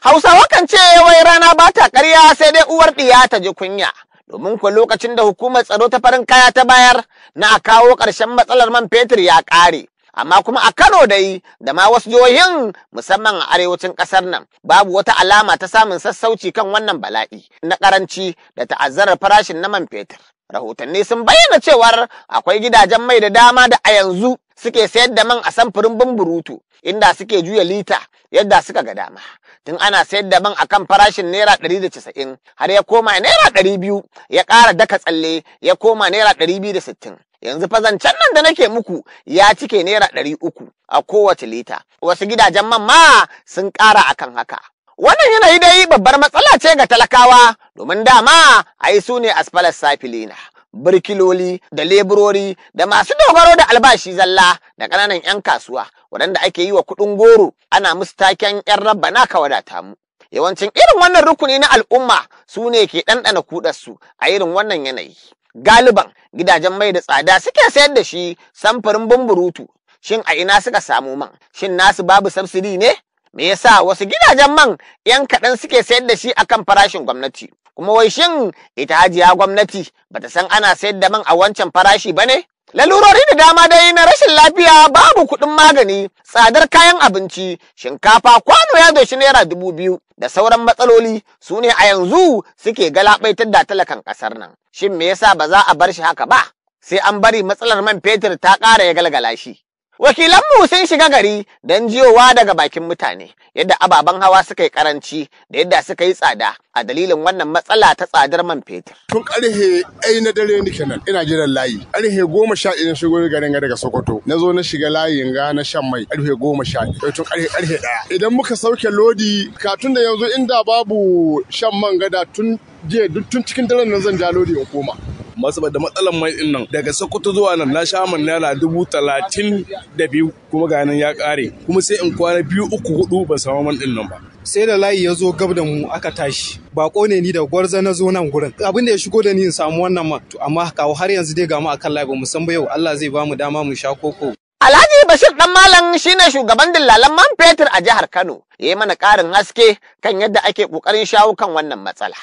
Hausawa kan ce wai rana ba ta ƙarya sai dai uwar ɗiya ta ji kunya. Domin kuwa lokacin da hukumar tsaro ta farin kaya ta bayar na a kawo ƙarshen matsalar man fetur ya ƙare. Amma kuma a Kano dai da ma wasu jihohin musamman a arewacin ƙasar nan babu wata alama ta samun sassauci kan wannan bala'i na ƙaranci da ta'azzarar farashin na man fetur. Rahotanni sun bayyana cewar akwai gidajen mai da dama da a yanzu suke sayar da man a samfurin bumburutu inda suke juya lita yadda suka ga dama tun ana sayar da man akan farashin naira ɗari da casa'in har ya koma naira ɗari biyu ya ƙara daka tsalle ya koma naira ɗari biyu da sittin yanzu fa zancen nan da nake muku ya cike naira ɗari uku a kowace lita wasu gidajen man ma sun ƙara akan haka wannan yanayi dai babbar matsala ce ga talakawa domin dama ayi su ne asfalar safilina birkiloli da leburori da masu dogaro da albashi zalla da ƙananan 'yan kasuwa waɗanda ake yi wa kuɗin goro ana musu taken 'yan rabba na ka wadata mu. Yawancin irin wannan rukuni na al'umma su ne ke ɗanɗana kuɗarsu a irin wannan yanayi. Galiban gidajen mai da tsada suke sayar da shi samfurin bumburutu. Shin a ina suka samu man? Shin nasu babu sabsidi ne? Me yasa wasu gidajen man 'yan kaɗan suke sayar da shi akan farashin gwamnati? kuma wai shin ita hajiya gwamnati bata san ana sayar da man a wancan farashi ba ne? Lalurori da dama dai na rashin lafiya babu kuɗin magani, tsadar kayan abinci, shinkafa kwano ya doshi naira dubu biyu da sauran matsaloli su ne a yanzu suke galabaitar da talakan ƙasar nan. Shin me yasa ba za a bar shi haka ba? Sai an bari matsalar man fetur ta ƙara ya galgala shi. Wakilanmu sun shiga gari don jiyowa daga bakin mutane yadda ababen hawa suka yi karanci da yadda suka yi tsada a dalilin wannan matsala ta tsadar man fetur. Tun karhe ai na dare ni kenan ina jiran layi. Karhe goma sha idan na shigo garin daga Sokoto. Na zo na shiga layin ga na shan mai karhe goma sha tun karhe karhe ɗaya. Idan muka sauke lodi katun da yanzu inda babu shan man gada tun jiya duk tun cikin daren nan zan ja lodi in koma. masu da matsalar mai din nan daga Sokoto zuwa nan na sha man naira dubu talatin da biyu kuma ga ya kare kuma sai in kwana biyu uku hudu ban samu man din nan ba sai da layi ya zo gab da mu aka tashi ba ne ni da gwarza na zo nan gurin abin da ya shigo da ni in samu wannan ma to amma kawo har yanzu dai ga mu akan layi ba mu san ba yau Allah zai ba mu dama mu sha koko Alhaji Bashir Dan Malam shine shugaban dillalan man fetur a jihar Kano. yayi mana karin haske kan yadda ake kokarin shawo kan wannan matsala.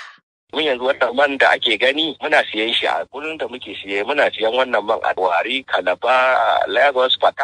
Mun yanzu wannan man da ake gani muna siyan shi a gurin da muke siye muna siyan wannan man a Buhari, Kalaba, Lagos, Port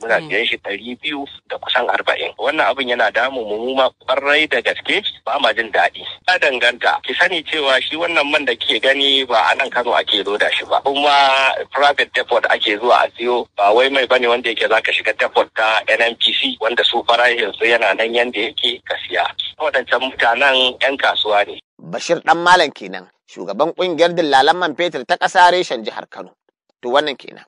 muna hmm. siyan shi ɗari biyu da kusan arba'in. Wannan abin yana damu mu ma ƙwarai da gaske ba ma jin daɗi. Ya danganta ki sani cewa shi wannan man da kike gani ba a nan Kano ake loda shi ba. Kuma private depot ake zuwa a siyo ba wai mai bane wanda yake zaka shiga depot ta NNPC wanda su farashin su yana nan yanda yake ka siya. Waɗancan mutanen 'yan kasuwa ne. Bashir ɗan Malam kenan, shugaban ƙungiyar dillalan man fetur ta ƙasa reshen jihar Kano. To wannan kenan.